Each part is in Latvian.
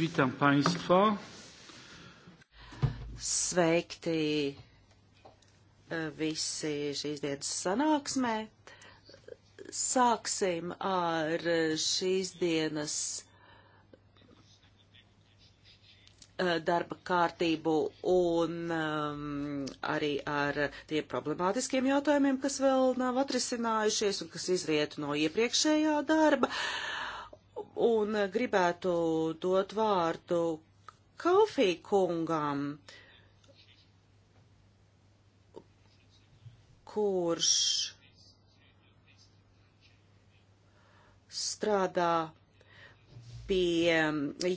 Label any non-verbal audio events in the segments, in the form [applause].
Witam Państwa. Sveikti e, visi šīs dienas sanāksmē. Sāksim ar šīs dienas e, darba kārtību un um, arī ar tiem problemātiskiem jautājumiem, kas vēl nav atrisinājušies un kas izriet no iepriekšējā darba. Uh, un gribētu dot vārdu Kalfī kungam, kurš strādā pie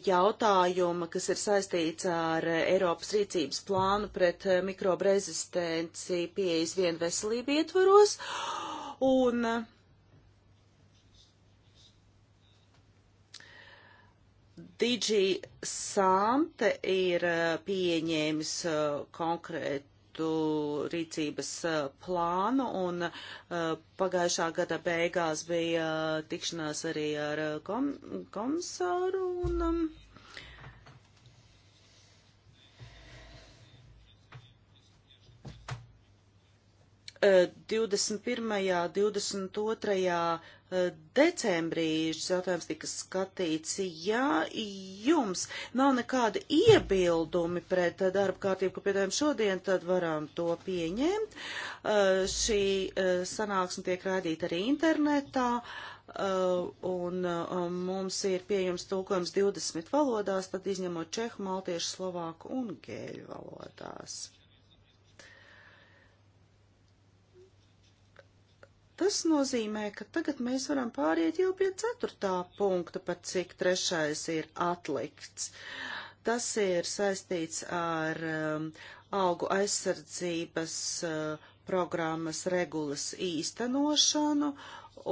jautājuma, kas ir saistīts ar Eiropas rīcības plānu pret mikrobrezistenci pieejas vienveselību ietvaros. Un uh, DG Sante ir uh, pieņēmis uh, konkrētu rīcības uh, plānu un pagājušā gada beigās bija tikšanās arī ar kom komisāru un um, Uh, 21. un 22 decembrī šis jautājums tika skatīts. Ja jums nav nekādi iebildumi pret darba kārtību, ko piedāvājam šodien, tad varam to pieņemt. Uh, šī uh, sanāksme tiek rādīta arī internetā. Uh, un mums ir pieejams tulkojums 20 valodās, tad izņemot čehu, maltiešu, slovāku un gēļu valodās. Tas nozīmē, ka tagad mēs varam pāriet jau pie ceturtā punkta, pat cik trešais ir atlikts. Tas ir saistīts ar um, augu aizsardzības uh, programmas regulas īstenošanu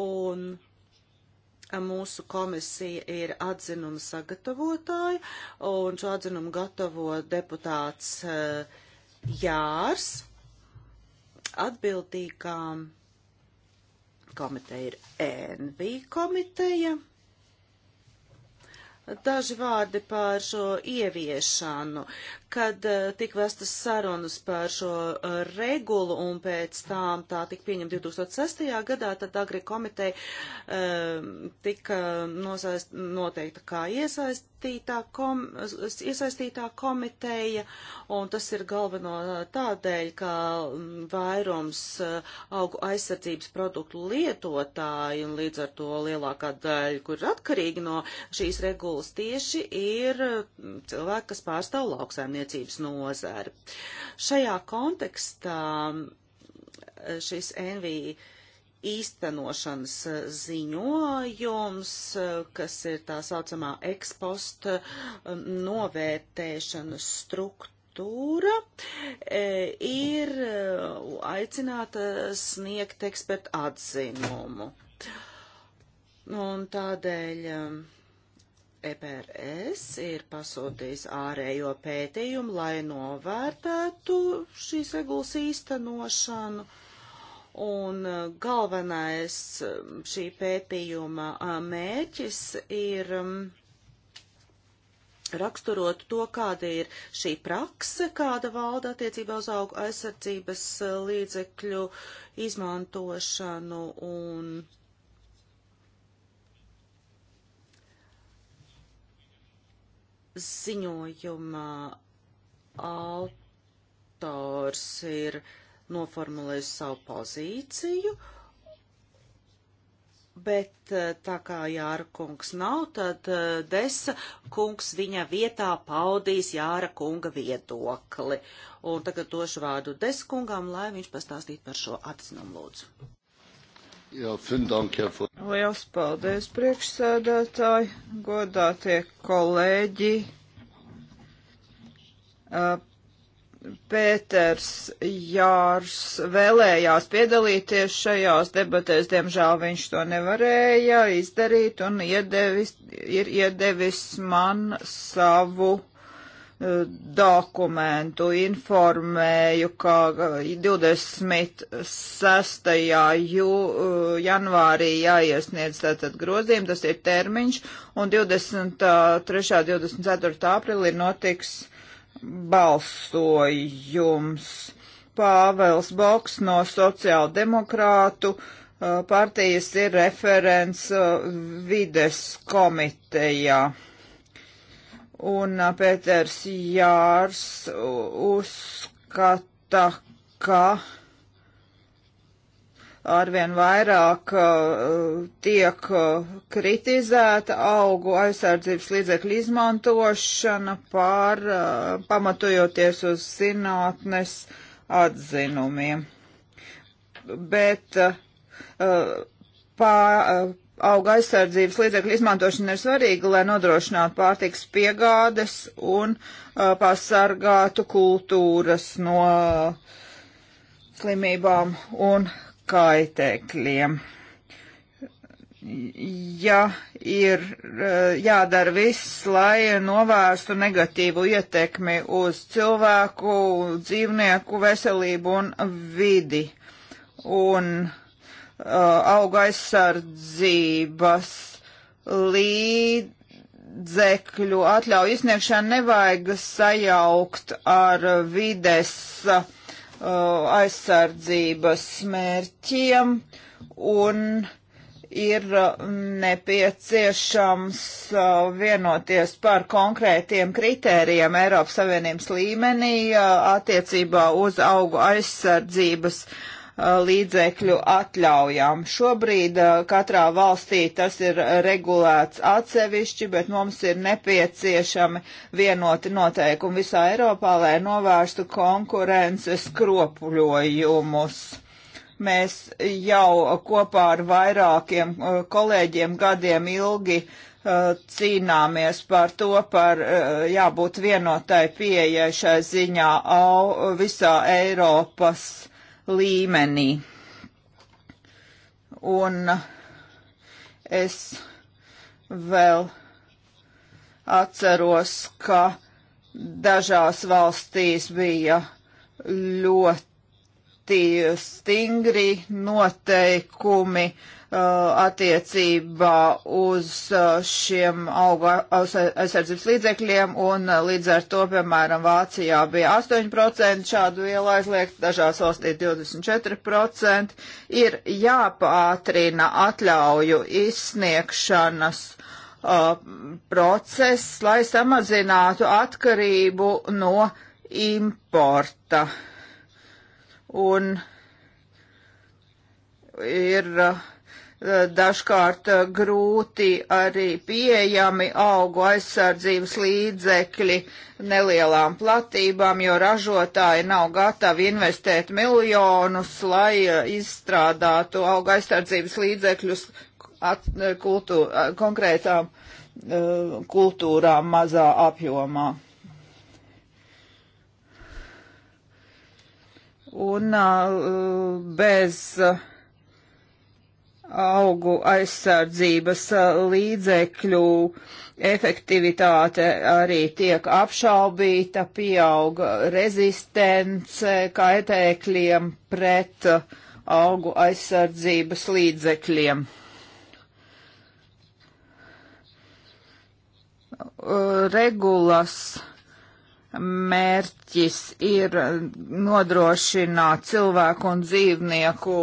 un um, mūsu komisija ir atzinuma sagatavotāja, un šo atzinumu gatavo deputāts uh, Jārs atbildīgām komiteja ir NV komiteja. Daži vārdi par šo ieviešanu kad eh, tika vestas sarunas par šo eh, regulu un pēc tām tā tika pieņemta 2006. gadā, tad Agri komiteja um, tika nosaist, noteikta kā iesaistītā, kom, iesaistītā komiteja, un tas ir galveno tādēļ, ka mm, vairums augu aizsardzības produktu lietotāji un līdz ar to lielākā daļa, kur ir atkarīgi no šīs regulas tieši, ir mm, cilvēki, kas pārstāv lauksaimnieku lauksaimniecības nozari. Šajā kontekstā eh, šis NVI īstenošanas eh, ziņojums, eh, kas ir tā saucamā ekspost novērtēšanas struktūra, ir aicināta sniegt ekspertu atzinumu. Un tādēļ EPRS ir pasūtījis ārējo pētījumu, lai novērtētu šīs regulas īstenošanu. Un uh, galvenais um, šī pētījuma uh, mērķis ir um, raksturot to, kāda ir šī prakse, kāda valda attiecībā uz augu aizsardzības uh, līdzekļu izmantošanu un Ziņojuma autors ir noformulējis savu pozīciju, bet eh, tā kā Jāra kungs nav, tad eh, Desa kungs viņa vietā paudīs Jāra kunga viedokli. Un tagad došu vārdu Desa kungam, lai viņš pastāstītu par šo atzinumu lūdzu. Jā, Dank, Liels paldies, priekšsēdētāji, godātie kolēģi. Uh, Pēters Jārs vēlējās piedalīties šajās debatēs, diemžēl viņš to nevarēja izdarīt un iedevis, ir iedevis man savu dokumentu. Informēju, ka 26. Jū, eh, janvārī jāiesniedz tātad grozījumi, tas ir termiņš, un 23. 24. aprīlī notiks balsojums. Pāvels Boks no sociāldemokrātu eh, partijas ir referents eh, vides komitejā un Pēters Jārs uzskata, ka arvien vairāk uh, tiek uh, kritizēta augu aizsardzības līdzekļu izmantošana pār, uh, pamatojoties uz zinātnes atzinumiem. Bet pā, auga aizsardzības līdzekļu izmantošana ir svarīga, lai nodrošinātu pārtiks piegādes un uh, pasargātu kultūras no slimībām un kaitēkļiem. Ja ir uh, jādara viss, lai novērstu negatīvu ietekmi uz cilvēku, dzīvnieku veselību un vidi. Un Uh, auga aizsardzības līdzekļu atļauju izsniegšanu nevajag sajaukt ar vides uh, aizsardzības mērķiem un ir nepieciešams uh, vienoties par konkrētiem kritērijiem Eiropas Savienības līmenī uh, attiecībā uz augu aizsardzības uh, Uh, līdzekļu atļaujām. Šobrīd uh, katrā valstī tas ir regulēts atsevišķi, bet mums ir nepieciešami vienoti noteikumi visā Eiropā, lai novērstu konkurences kropļojumus. Mēs jau kopā ar vairākiem uh, kolēģiem gadiem ilgi cīnāmies par to, par jābūt vienotai pieejai šai ziņā au, visā Eiropas līmenī. Un es vēl atceros, ka dažās valstīs bija ļoti ļoti stingri noteikumi uh, attiecībā uz uh, šiem auga aizsardzības līdzekļiem, un uh, līdz ar to, piemēram, Vācijā bija 8% šādu vielu aizliegt, dažās valstī 24%, ir jāpātrina atļauju izsniegšanas uh, process, lai samazinātu atkarību no importa. Uh, un ir eh, dažkārt eh, grūti arī pieejami augu aizsardzības līdzekļi nelielām platībām, jo ražotāji nav gatavi investēt miljonus, lai eh, izstrādātu augu aizsardzības līdzekļus at, kultūr, konkrētām kultūrām mazā apjomā. un bez augu aizsardzības līdzekļu efektivitāte arī tiek apšaubīta, pieauga rezistence kaitēkļiem pret augu aizsardzības līdzekļiem. Regulas mērķis ir nodrošināt cilvēku un dzīvnieku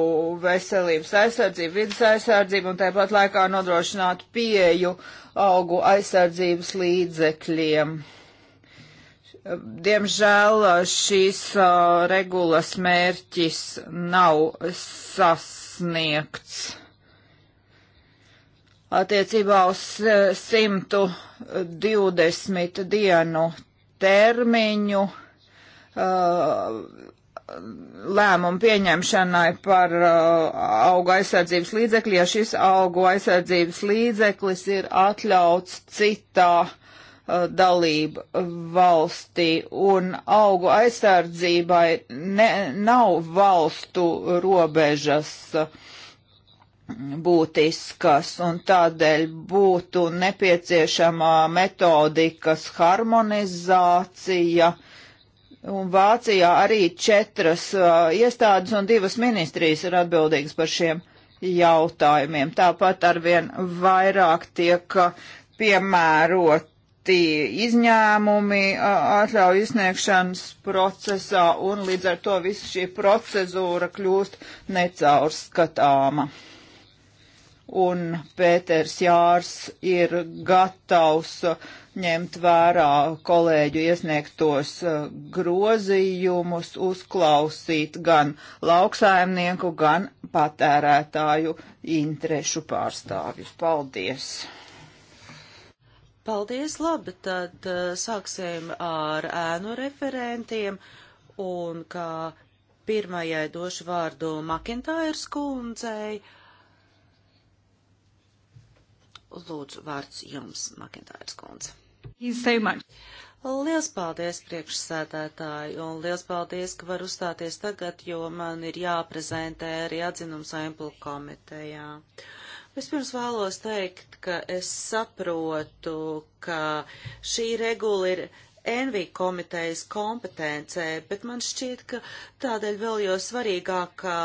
veselības aizsardzību, vidas aizsardzību un tāpat laikā nodrošināt pieju augu aizsardzības līdzekļiem. Diemžēl šīs uh, regulas mērķis nav sasniegts. Attiecībā uz 120 dienu termiņu uh, lēmumu pieņemšanai par uh, augu aizsardzības līdzekli, ja šis augu aizsardzības līdzeklis ir atļauts citā uh, dalība valstī un augu aizsardzībai ne, nav valstu robežas. Uh, būtiskas, un tādēļ būtu nepieciešama metodikas harmonizācija. Un Vācijā arī četras uh, iestādes un divas ministrijas ir atbildīgas par šiem jautājumiem. Tāpat arvien vairāk tiek uh, piemēroti izņēmumi uh, atļauju izsniegšanas procesā, un līdz ar to visa šī procedūra kļūst necaurskatāma un Pēters Jārs ir gatavs ņemt vērā kolēģu iesniegtos uh, grozījumus, uzklausīt gan lauksaimnieku, gan patērētāju interešu pārstāvjus. Paldies! Paldies, labi, tad uh, sāksim ar ēnu referentiem un kā pirmajai došu vārdu Makintājas kundzei. Uh, lūdzu vārds jums, Makintājas kundze. Liels paldies priekšsēdētāji un liels paldies, ka var uzstāties tagad, jo man ir jāprezentē arī atzinums Emplu komitejā. Vispirms vēlos teikt, ka es saprotu, ka šī regula ir Envi komitejas kompetencē, bet man šķiet, ka tādēļ vēl jau svarīgāk, ka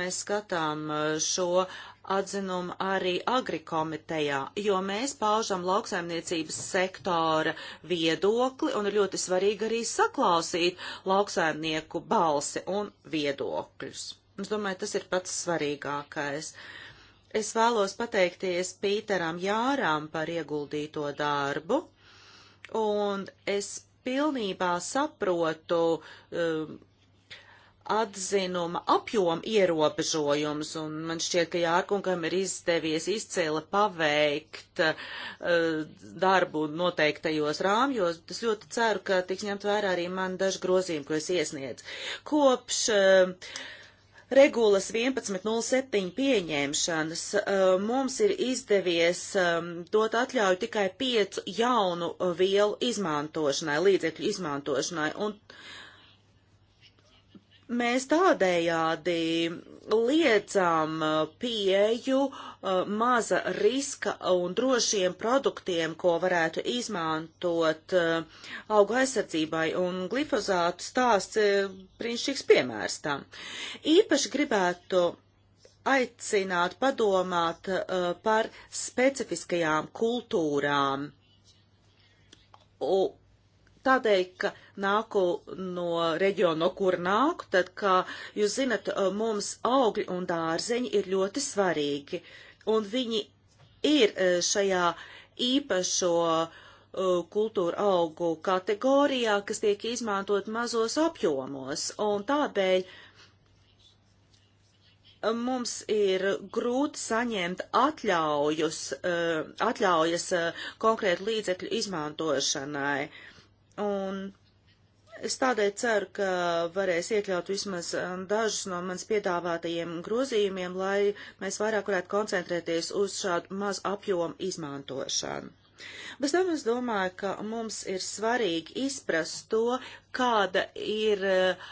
mēs skatām šo atzinumu arī agrikomitejā, jo mēs paužam lauksaimniecības sektora viedokli un ir ļoti svarīgi arī saklausīt lauksaimnieku balsi un viedokļus. Es domāju, tas ir pats svarīgākais. Es vēlos pateikties Pīteram Jārām par ieguldīto darbu, un es pilnībā saprotu um, atzinuma apjoma ierobežojums, un man šķiet, ka Jārkungam ir izdevies izcēla paveikt uh, darbu noteiktajos rāmjos, bet es ļoti ceru, ka tiks ņemt vērā arī man daži grozījumi, ko es iesniedzu. Kopš uh, regulas 11.07 pieņemšanas eh, mums ir izdevies dot atļauju tikai piecu jaunu vielu izmantošanai, līdzekļu izmantošanai. Un Mēs tādējādi liedzam pieju uh, maza riska un drošiem produktiem, ko varētu izmantot uh, auga aizsardzībai, un glifozātu stāsts uh, brīnišķīgs piemērs tam. Īpaši gribētu aicināt padomāt par specifiskajām kultūrām tādēļ, ka nāku no reģiona, no kur nāku, tad, kā jūs zinat, mums augļi un dārzeņi ir ļoti svarīgi, un viņi ir e, šajā īpašo e, kultūra augu kategorijā, kas tiek izmantot mazos apjomos, un tādēļ e, mums ir grūti saņemt atļaujus, atļaujas konkrētu līdzekļu izmantošanai. Uh, Un es tādēļ ceru, ka varēs iekļaut vismaz um, dažus no manas piedāvātajiem grozījumiem, lai mēs vairāk varētu koncentrēties uz šādu maz apjomu izmantošanu. Bez tam es domāju, ka mums ir svarīgi izprast to, kāda ir uh,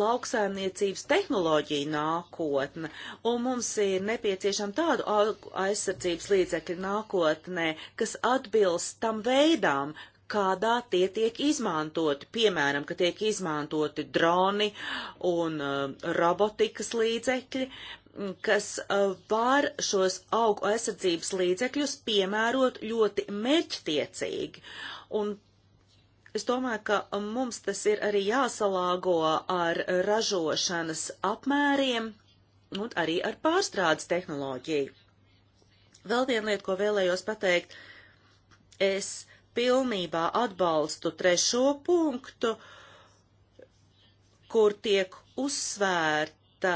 lauksaimniecības tehnoloģija nākotne, un mums ir nepieciešama tādu aizsardzības līdzekļu nākotnē, kas atbilst tam veidām, kādā tie tiek izmantoti. Piemēram, ka tiek izmantoti droni un uh, robotikas līdzekļi, mm, kas uh, var šos augu aizsardzības līdzekļus piemērot ļoti mērķtiecīgi. Un es domāju, ka um, mums tas ir arī jāsalāgo ar ražošanas apmēriem un arī ar pārstrādes tehnoloģiju. Vēl viena lieta, ko vēlējos pateikt, es uh, pilnībā atbalstu trešo punktu, kur tiek uzsvērta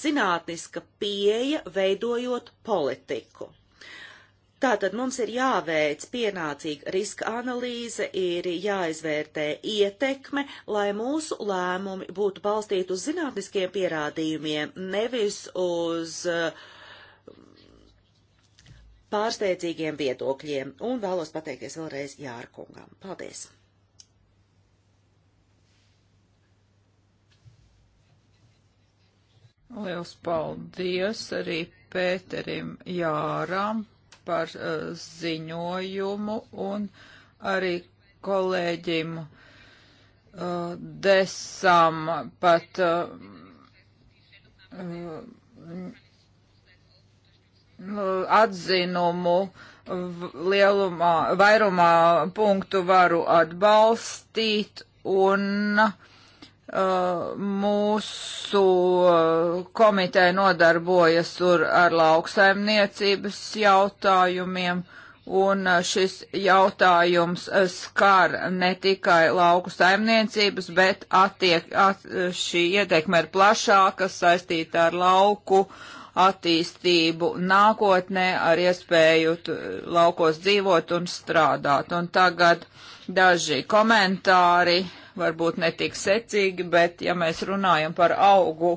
zinātniska pieeja veidojot politiku. Tātad mums ir jāveic pienācīga riska analīze, ir jāizvērtē ietekme, lai mūsu lēmumi būtu balstīti uz zinātniskiem pierādījumiem, nevis uz uh, pārsteidzīgiem viedokļiem un vēlos pateikties vēlreiz Jārkungam. Paldies! Liels paldies arī Pēterim Jāram par uh, ziņojumu un arī kolēģim uh, Desam pat. Uh, uh, atzinumu lielumā, vairumā punktu varu atbalstīt un Uh, mūsu komiteja nodarbojas ar, ar lauksaimniecības jautājumiem, un uh, šis jautājums uh, skar ne tikai lauku saimniecības, bet attiek, at, šī ietekme ir plašāka saistīta ar lauku uh, attīstību nākotnē ar iespēju laukos dzīvot un strādāt. Un tagad daži komentāri, varbūt netik secīgi, bet ja mēs runājam par augu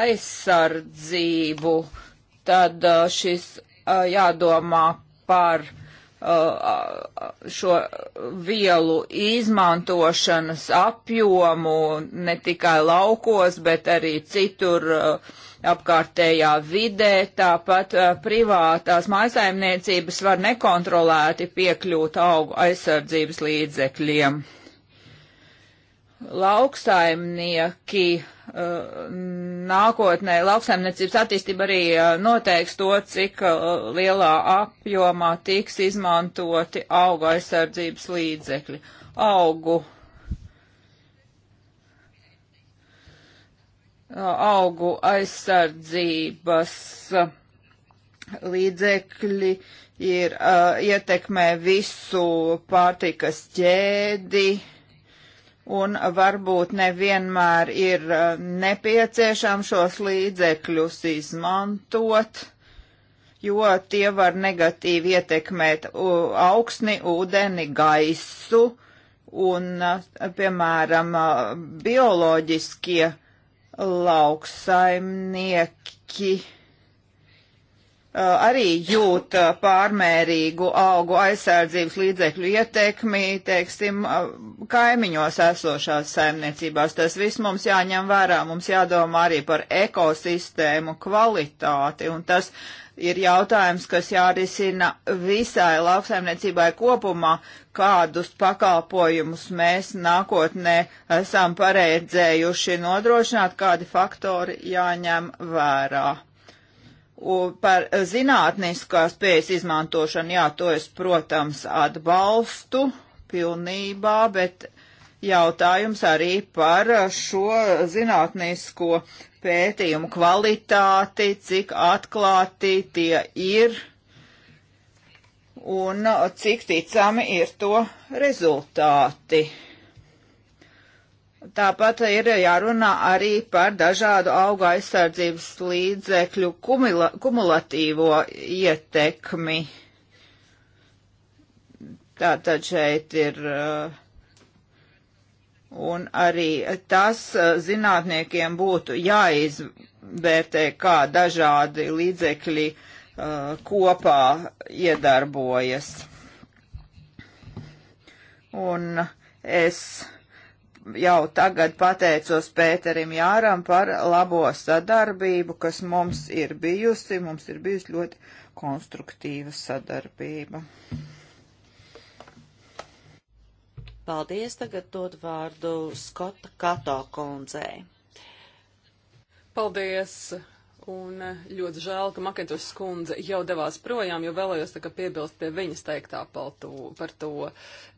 aizsardzību, tad uh, šis uh, jādomā par uh, šo vielu izmantošanas apjomu ne tikai laukos, bet arī citur uh, apkārtējā vidē, tāpat uh, privātās mājasaimniecības var nekontrolēti piekļūt augu aizsardzības līdzekļiem. Lauksaimnieki uh, nākotnē, lauksaimniecības attīstība arī uh, noteiks to, cik lielā apjomā tiks izmantoti auga aizsardzības līdzekļi. Augu augu aizsardzības līdzekļi ir uh, ietekmē visu pārtikas ķēdi un varbūt nevienmēr ir uh, nepieciešams šos līdzekļus izmantot, jo tie var negatīvi ietekmēt uh, augsni, ūdeni, gaisu un, piemēram, bioloģiskie lauksaimnieki Eh, arī jūt eh, pārmērīgu augu aizsardzības līdzekļu ietekmi, teiksim, eh, kaimiņos esošās saimniecībās. Tas viss mums jāņem vērā, mums jādomā arī par ekosistēmu kvalitāti, un tas ir jautājums, kas jārisina visai lauksaimniecībai kopumā, kādus pakalpojumus mēs nākotnē esam pareidzējuši nodrošināt, kādi faktori jāņem vērā. Par zinātniskās pējas izmantošanu, jā, to es, protams, atbalstu pilnībā, bet jautājums arī par šo zinātnisko pētījumu kvalitāti, cik atklāti tie ir un cik ticami ir to rezultāti. Tāpat ir jārunā arī par dažādu auga aizsardzības līdzekļu kumula, kumulatīvo ietekmi. Tātad šeit ir. Uh, un arī tas uh, zinātniekiem būtu jāizvērtē, kā dažādi līdzekļi uh, kopā iedarbojas. Un es jau tagad pateicos Pēterim Jāram par labo sadarbību, kas mums ir bijusi. Mums ir bijusi ļoti konstruktīva sadarbība. Paldies, tagad dod vārdu Skota Kato kundzei. Paldies! Un eh, ļoti žēl, ka Makentoša skundze jau devās projām, jo vēlējos tā kā piebilst pie viņas teiktā par to.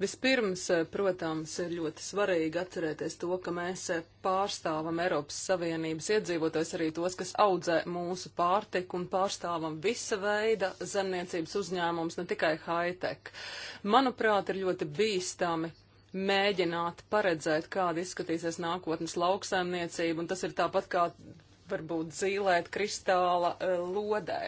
Vispirms, eh, protams, ir ļoti svarīgi atcerēties to, ka mēs eh, pārstāvam Eiropas Savienības iedzīvotājs arī tos, kas audzē mūsu pārtiku un pārstāvam visa veida zemniecības uzņēmums, ne tikai high-tech. Manuprāt, ir ļoti bīstami mēģināt paredzēt, kāda izskatīsies nākotnes lauksaimniecība, un tas ir tāpat kā varbūt zīlēt kristāla e, lodē.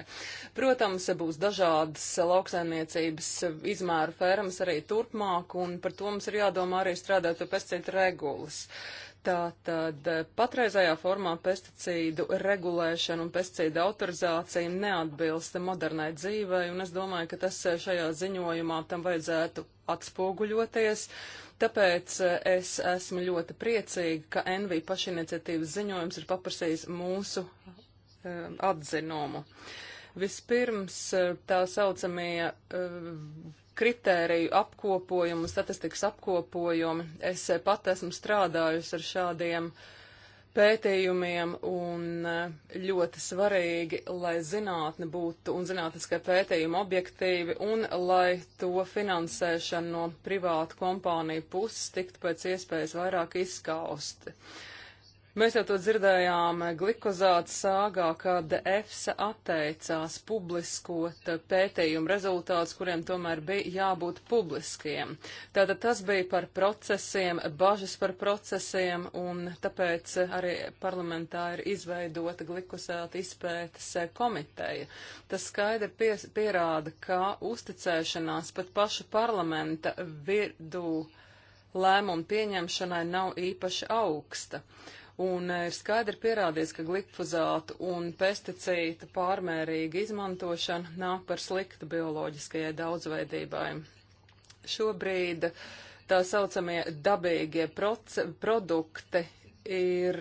Protams, būs dažādas lauksaimniecības izmēru fermas arī turpmāk, un par to mums ir jādomā arī strādāt pie pesticīdu regulas. Tātad e, patreizajā formā pesticīdu regulēšana un pesticīdu autorizācija neatbilst modernai dzīvei, un es domāju, ka tas e, šajā ziņojumā tam vajadzētu atspoguļoties. Uh, Tāpēc eh, es esmu ļoti priecīga, ka NV pašiniciatīvas ziņojums ir paprasījis mūsu uh, atzinumu. Vispirms eh, tā saucamie uh, kritēriju apkopojumu, statistikas apkopojumu. Es pat esmu strādājusi ar šādiem uh, pētījumiem, un eh, ļoti svarīgi, lai zinātne būtu un zinātniskai pētījuma objektīvi, un lai to finansēšana no privātu kompāniju puses tiktu pēc iespējas vairāk izskausti. Uh, Mēs jau to dzirdējām glikozāta sāgā, kad EFSA atteicās publiskot pētījumu rezultātus, kuriem tomēr bija jābūt publiskiem. Tātad tas bija par procesiem, bažas par procesiem, un tāpēc arī parlamentā ir izveidota glikozāta izpētes komiteja. Tas skaidri pies, pierāda, ka uzticēšanās pat paša parlamenta virdū lēmumu pieņemšanai nav īpaši augsta. Uh, un ir skaidri pierādīts, ka glifozātu un pesticītu pārmērīga izmantošana nav par sliktu bioloģiskajai daudzveidībai. Šobrīd tā saucamie dabīgie produkti ir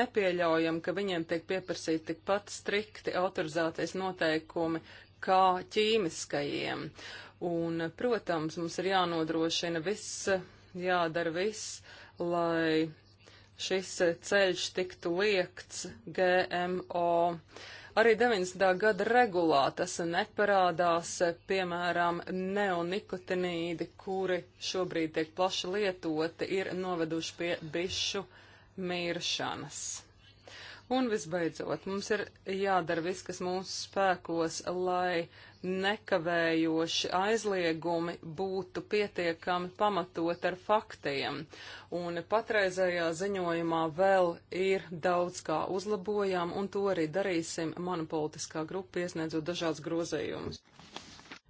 nepieļaujami, ka viņiem tiek pieprasīti tikpat strikti autorizācijas noteikumi kā ķīmiskajiem. Un, protams, mums ir jānodrošina viss, jādara viss, lai šis ceļš tiktu liekts GMO. Arī 90. gada regulā tas neparādās, piemēram, neonikotinīdi, kuri šobrīd tiek plaši lietoti, ir noveduši pie bišu miršanas. Un visbeidzot, mums ir jādara viss, kas mūsu spēkos, lai nekavējoši aizliegumi būtu pietiekami pamatot ar faktiem. Un patreizējā ziņojumā vēl ir daudz kā uzlabojām, un to arī darīsim mana politiskā grupa, iesniedzot dažādas grozējumus.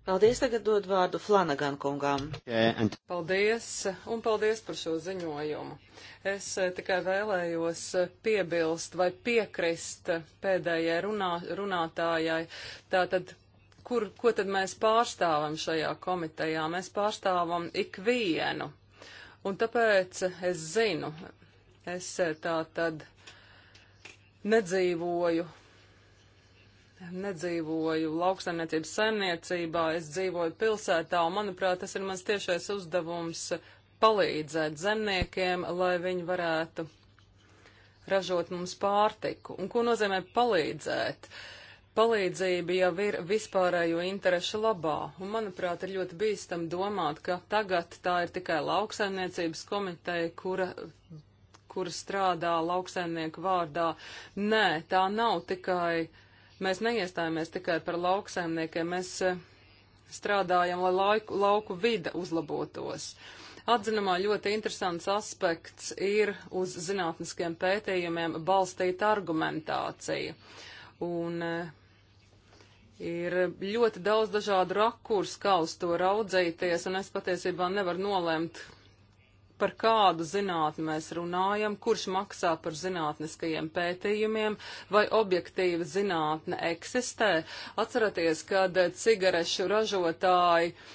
Paldies, tagad dod vārdu Flanagan kungām. Paldies, un paldies par šo ziņojumu. Es eh, tikai vēlējos eh, piebilst vai piekrist pēdējai runā, runātājai. Tātad kur, ko tad mēs pārstāvam šajā komitejā? Mēs pārstāvam ikvienu. Un tāpēc es zinu, es tā tad nedzīvoju nedzīvoju lauksaimniecības saimniecībā, es dzīvoju pilsētā, un, manuprāt, tas ir mans tiešais uzdevums palīdzēt zemniekiem, lai viņi varētu ražot mums pārtiku. Un ko nozīmē palīdzēt? Uh, palīdzība jau ir vispārējo interešu labā, un manuprāt ir ļoti bīstam domāt, ka tagad tā ir tikai lauksaimniecības komiteja, kura kura strādā lauksaimnieku vārdā. Nē, tā nav tikai, mēs neiestājāmies tikai par lauksaimniekiem, mēs eh, strādājam, lai laiku, lauku vida uzlabotos. Atzinumā ļoti interesants aspekts ir uz zinātniskiem pētījumiem balstīta argumentācija. Un, uh, Ir ļoti daudz dažādu rakurs, kā uz to raudzēties, un es patiesībā nevaru nolemt, par kādu zinātni mēs runājam, kurš maksā par zinātniskajiem pētījumiem, vai objektīva zinātne eksistē. Atceraties, kad cigarešu ražotāji uh,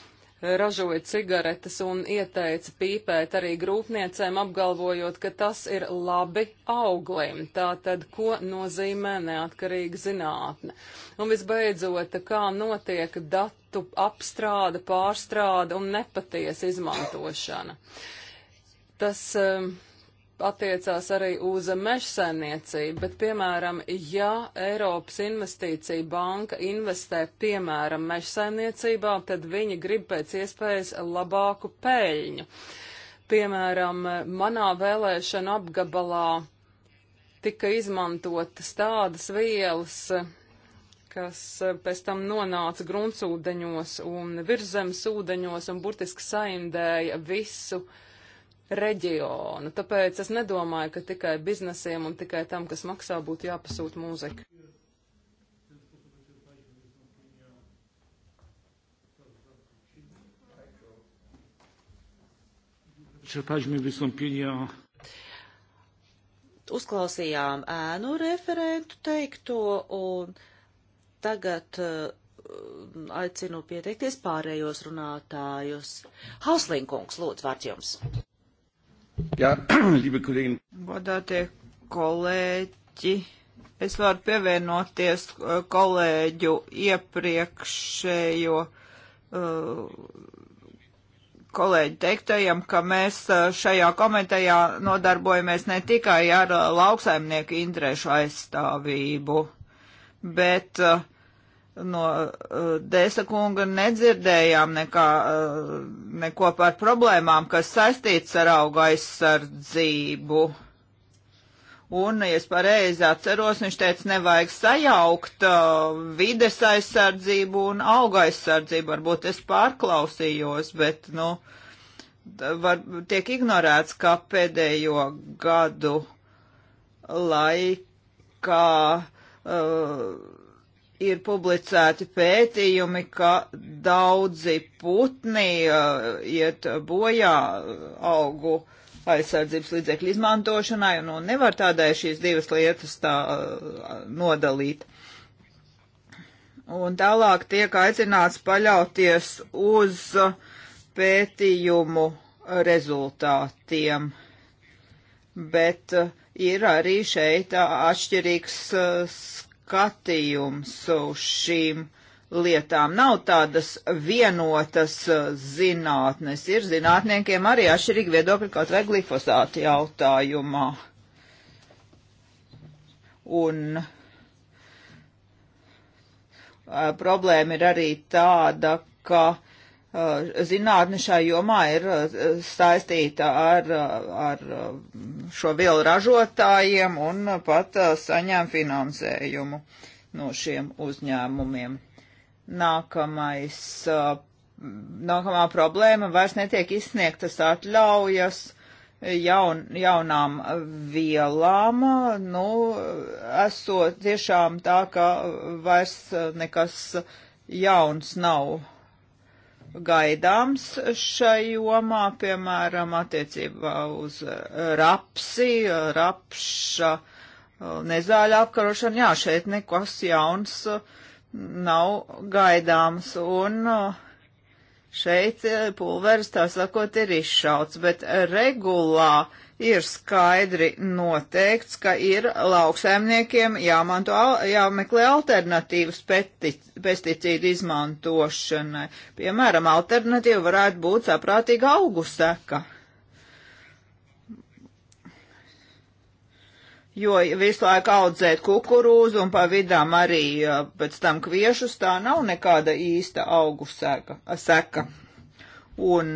ražoja cigaretes un ieteica pīpēt arī grūpniecēm, apgalvojot, ka tas ir labi auglim. Tātad, ko nozīmē neatkarīga zinātne? Un visbeidzot, kā notiek datu apstrāde, pārstrāde un nepatiesa izmantošana? Tas um, attiecās arī uz mežsaimniecību, bet, piemēram, ja Eiropas investīcija banka investē, piemēram, mežsaimniecībā, tad viņi grib pēc iespējas labāku peļņu. Piemēram, manā vēlēšana apgabalā tika izmantotas tādas vielas, kas pēc tam nonāca gruntsūdeņos un virszemes ūdeņos un burtiski saindēja visu uh, reģionu. Tāpēc es nedomāju, ka tikai biznesiem un tikai tam, kas maksā, būtu jāpasūta mūzika. Čerpaļmi vispirmie. Uzklausījām ēnu referentu teikto un tagad uh, aicinu pieteikties pārējos runātājus. Hauslinkungs, lūdzu, vārds jums. Jā, [clears throat] liebe kolēģi. Godātie kolēģi, es varu pievienoties eh, kolēģu iepriekšējo eh, kolēģi teiktajam, ka mēs eh, šajā komentējā nodarbojamies ne tikai ar lauksaimnieku interešu aizstāvību, bet uh, no uh, Dēsa kunga nedzirdējām nekā, uh, neko par problēmām, kas saistīts ar auga aizsardzību. Un, ja es pareizi atceros, viņš teica, nevajag sajaukt uh, vides aizsardzību un auga aizsardzību. Varbūt es pārklausījos, bet, nu, var, tiek ignorēts, kā pēdējo gadu laikā uh, ir publicēti pētījumi, ka daudzi putni uh, iet bojā uh, augu aizsardzības līdzekļu izmantošanai, un nu, nevar tādēļ šīs divas lietas tā uh, nodalīt. Un tālāk tiek aicināts paļauties uz pētījumu rezultātiem. Bet uh, ir arī šeit uh, atšķirīgs skatījums uz šīm lietām. Nav tādas vienotas uh, zinātnes. Ir zinātniekiem arī atšķirīgi viedokļi kaut vai glifosāti jautājumā. Un uh, problēma ir arī tāda, ka Uh, zinātne šajā jomā ir uh, saistīta ar, uh, ar šo vielu ražotājiem un pat saņem finansējumu no šiem uzņēmumiem. Nākamais, nākamā problēma vairs netiek izsniegtas atļaujas jaun, jaunām vielām, nu, esot tiešām tā, ka vairs nekas jauns nav gaidāms šai jomā, piemēram, attiecībā uz rapsi, rapša, nezāļa apkarošana. Jā, šeit nekas jauns mm, nav gaidāms. Un mm, šeit eh, pulveris, tā sakot, ir izšauts, bet regulā ir skaidri noteikts, ka ir lauksaimniekiem jāmanto, jāmeklē alternatīvas pesticīdu izmantošanai. Piemēram, alternatīva varētu būt saprātīga augu seka. Jo visu laiku audzēt kukurūzu un pa vidām arī pēc tam kviešus, tā nav nekāda īsta augu seka. seka. Un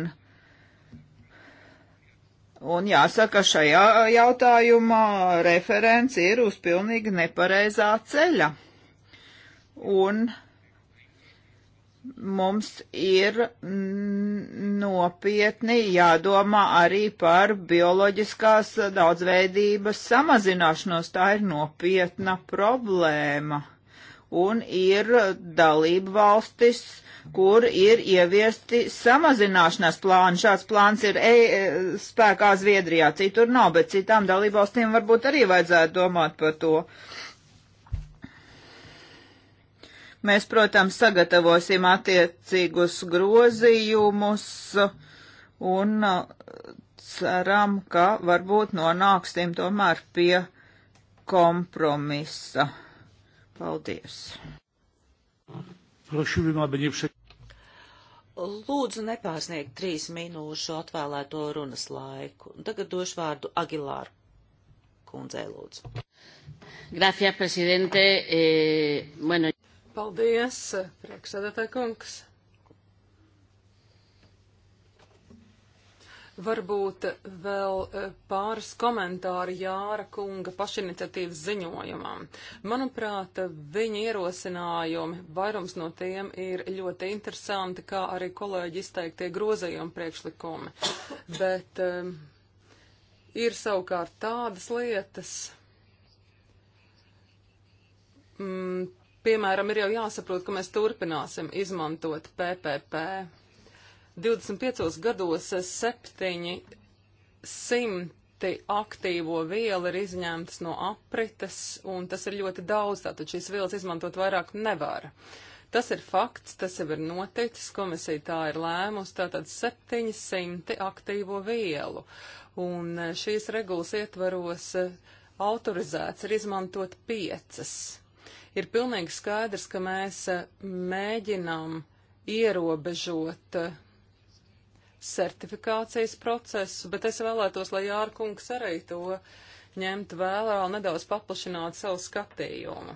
Un jāsaka, šajā jautājumā referents ir uz pilnīgi nepareizā ceļa. Un mums ir nopietni jādomā arī par bioloģiskās daudzveidības samazināšanos. Tā ir nopietna problēma un ir dalība valstis, kur ir ieviesti samazināšanās plāni. Šāds plāns ir e, spēkā Zviedrijā, citur nav, bet citām dalību valstīm varbūt arī vajadzētu domāt par to. Mēs, protams, sagatavosim attiecīgus grozījumus un e, ceram, ka varbūt nonāksim tomēr pie kompromisa. Paldies! Lūdzu, nepārsniegt trīs minūšu atvēlēto runas laiku. Tagad došu vārdu Agilāru kundzei, lūdzu. Gracias, prezidente. E, eh, bueno. Paldies, priekšsēdētāj kungs. Varbūt vēl eh, pāris komentāri Jāra kunga pašiniciatīvas ziņojumam. Manuprāt, viņa ierosinājumi, vairums no tiem ir ļoti interesanti, kā arī kolēģi izteiktie grozējumi priekšlikumi. Bet um, ir savukārt tādas lietas, mm, piemēram, ir jau jāsaprot, ka mēs turpināsim izmantot PPP 25 gados septiņi simti aktīvo vielu ir izņemtas no aprites, un tas ir ļoti daudz, tātad šīs vielas izmantot vairāk nevar. Tas ir fakts, tas jau ir noticis, komisija tā ir lēmusi, tātad 700 aktīvo vielu, un e, šīs regulas ietvaros e, autorizēts ir izmantot piecas. Ir pilnīgi skaidrs, ka mēs e, mēģinām ierobežot uh, sertifikācijas procesu, bet es vēlētos, lai Jārkungs arī to ņemt vērā un nedaudz paplašināt savu skatījumu.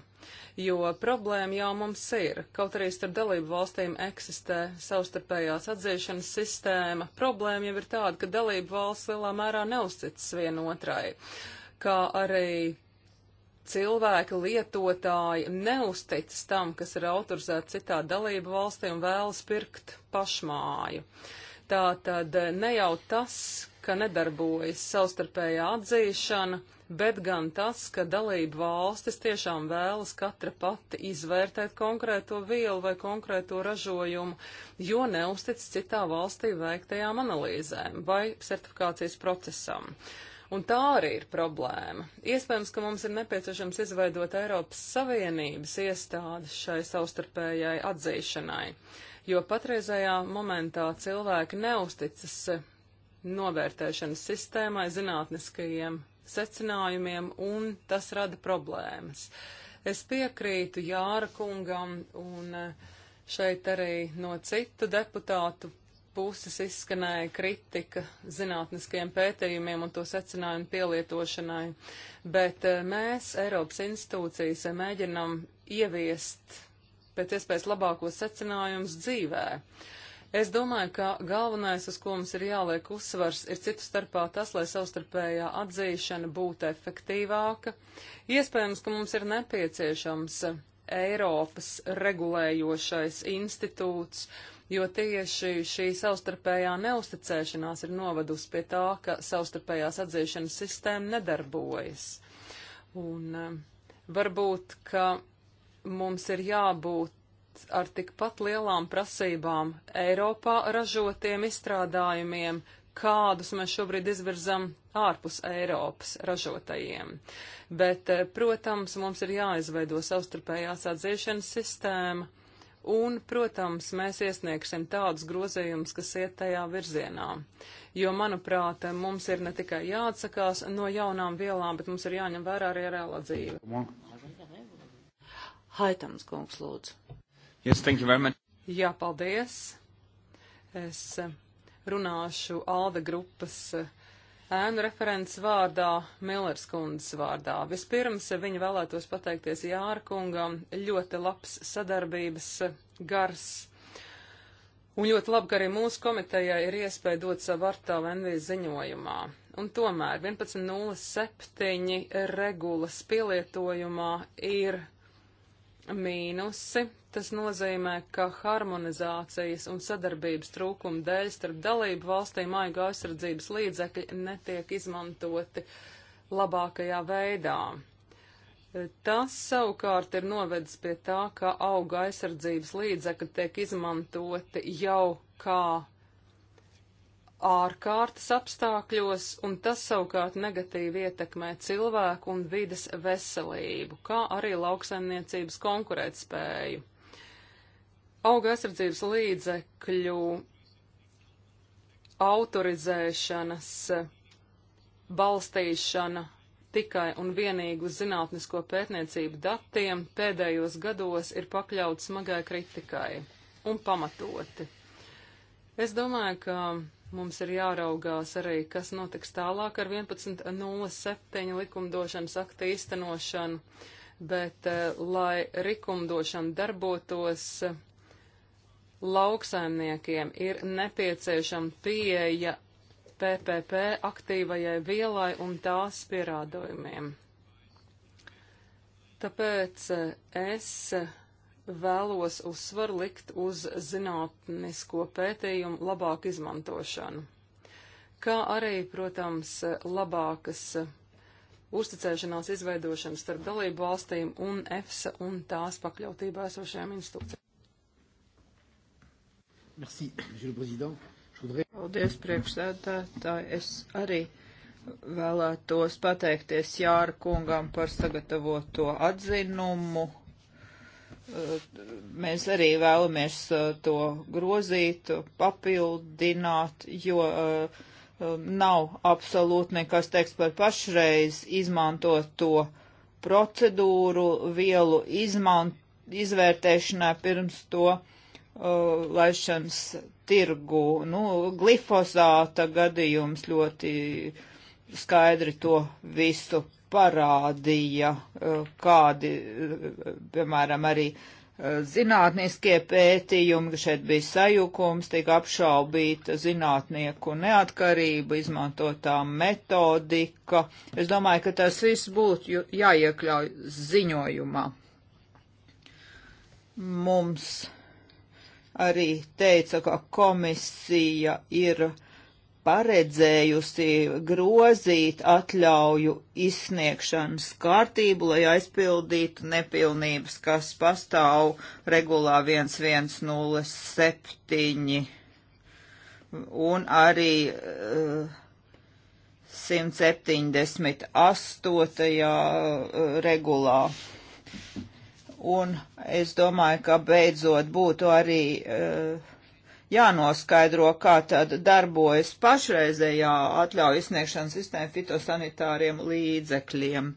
Jo problēma jau mums ir, kaut arī starp dalību valstīm eksistē savstarpējās atzīšanas sistēma, problēma jau ir tāda, ka dalību valsts lielā mērā neuzticas vienotrai, kā arī cilvēki, lietotāji neuzticas tam, kas ir autorizēts citā dalību valstī un vēlas pirkt pašmāju. Uh, Tā tad ne jau tas, ka nedarbojas savstarpējā atzīšana, bet gan tas, ka dalību valstis tiešām vēlas katra pati izvērtēt konkrēto vielu vai konkrēto ražojumu, jo neuztic citā valstī veiktajām analīzēm vai certifikācijas procesam. Un tā arī ir problēma. Iespējams, ka mums ir nepieciešams izveidot Eiropas Savienības iestādes šai savstarpējai atzīšanai jo patreizajā momentā cilvēki neusticas novērtēšanas sistēmai, zinātniskajiem secinājumiem, un tas rada problēmas. Es piekrītu Jāra kungam, un eh, šeit arī no citu deputātu puses izskanēja kritika zinātniskajiem pētījumiem un to secinājumu pielietošanai, bet eh, mēs, Eiropas institūcijas, eh, mēģinam ieviest pēc iespējas labākos secinājumus dzīvē. Es domāju, ka galvenais, uz ko mums ir jāliek uzsvars, ir citu starpā tas, lai savstarpējā atzīšana būtu efektīvāka. Iespējams, ka mums ir nepieciešams Eiropas regulējošais institūts, jo tieši šī savstarpējā neusticēšanās ir novedusi pie tā, ka savstarpējās atzīšanas sistēma nedarbojas. Un eh, varbūt, ka mums ir jābūt ar tikpat lielām prasībām Eiropā ražotiem izstrādājumiem, kādus mēs šobrīd izvirzam ārpus Eiropas ražotajiem. Bet, eh, protams, mums ir jāizveido savstarpējās atzīšanas sistēma, un, protams, mēs iesniegsim tādus grozījumus, kas iet tajā virzienā. Jo, manuprāt, mums ir ne tikai jāatsakās no jaunām vielām, bet mums ir jāņem vērā arī reālā dzīve. Haitams kungs lūdzu. Yes, thank you very much. Jā, paldies. Es eh, runāšu Alda grupas eh, ēnu referents vārdā, Millers kundzes vārdā. Vispirms eh, viņa vēlētos pateikties Jāra kungam, ļoti labs sadarbības gars. Un ļoti labi, ka arī mūsu komitejai ir iespēja dot savu artavu NV ziņojumā. Un tomēr 11.07 regulas pielietojumā ir mīnusi. Tas nozīmē, ka harmonizācijas un sadarbības trūkuma dēļ starp dalību valstīm aigu aizsardzības līdzekļi netiek izmantoti labākajā veidā. Tas savukārt ir novedis pie tā, ka auga aizsardzības līdzekļi tiek izmantoti jau kā ārkārtas apstākļos, un tas savukārt negatīvi ietekmē cilvēku un vides veselību, kā arī lauksaimniecības konkurētspēju. Auga aizsardzības līdzekļu autorizēšanas balstīšana tikai un vienīgi uz zinātnisko pētniecību datiem pēdējos gados ir pakļauts smagai kritikai un pamatoti. Es domāju, ka Mums ir jāraugās arī, kas notiks tālāk ar 11.07 likumdošanas akta īstenošanu, bet eh, lai likumdošana darbotos, lauksaimniekiem ir nepieciešama pieeja PPP aktīvajai vielai un tās pierādojumiem. Tāpēc eh, es vēlos uzsvaru likt uz zinātnisko pētījumu labāku izmantošanu, kā arī, protams, labākas uzticēšanās izveidošanu starp dalību valstīm un EFSA un tās pakļautībā esošajām institūcijām. Merci, Monsieur le Président. Voudrais... Paldies, priekšsēdētāji. Es arī vēlētos pateikties Jāra kungam par sagatavoto atzinumu mēs arī vēlamies uh, to grozīt, papildināt, jo uh, um, nav absolūti nekas teiks par pašreiz izmantot to procedūru, vielu izmant, izvērtēšanai pirms to uh, laišanas tirgu. Nu, glifosāta gadījums ļoti skaidri to visu parādīja, e, kādi, e, piemēram, arī e, zinātniskie pētījumi, ka šeit bija sajukums, tika apšaubīta zinātnieku neatkarība, izmantotā metodika. Es domāju, ka tas viss būtu jāiekļauj ziņojumā. Mums arī teica, ka komisija ir paredzējusi grozīt atļauju izsniegšanas kārtību, lai aizpildītu nepilnības, kas pastāv regulā 1107 un arī uh, eh, 178. Eh, regulā. Un es domāju, ka beidzot būtu arī uh, jānoskaidro, kā tad darbojas pašreizējā atļauju izsniegšanas sistēma fitosanitāriem līdzekļiem.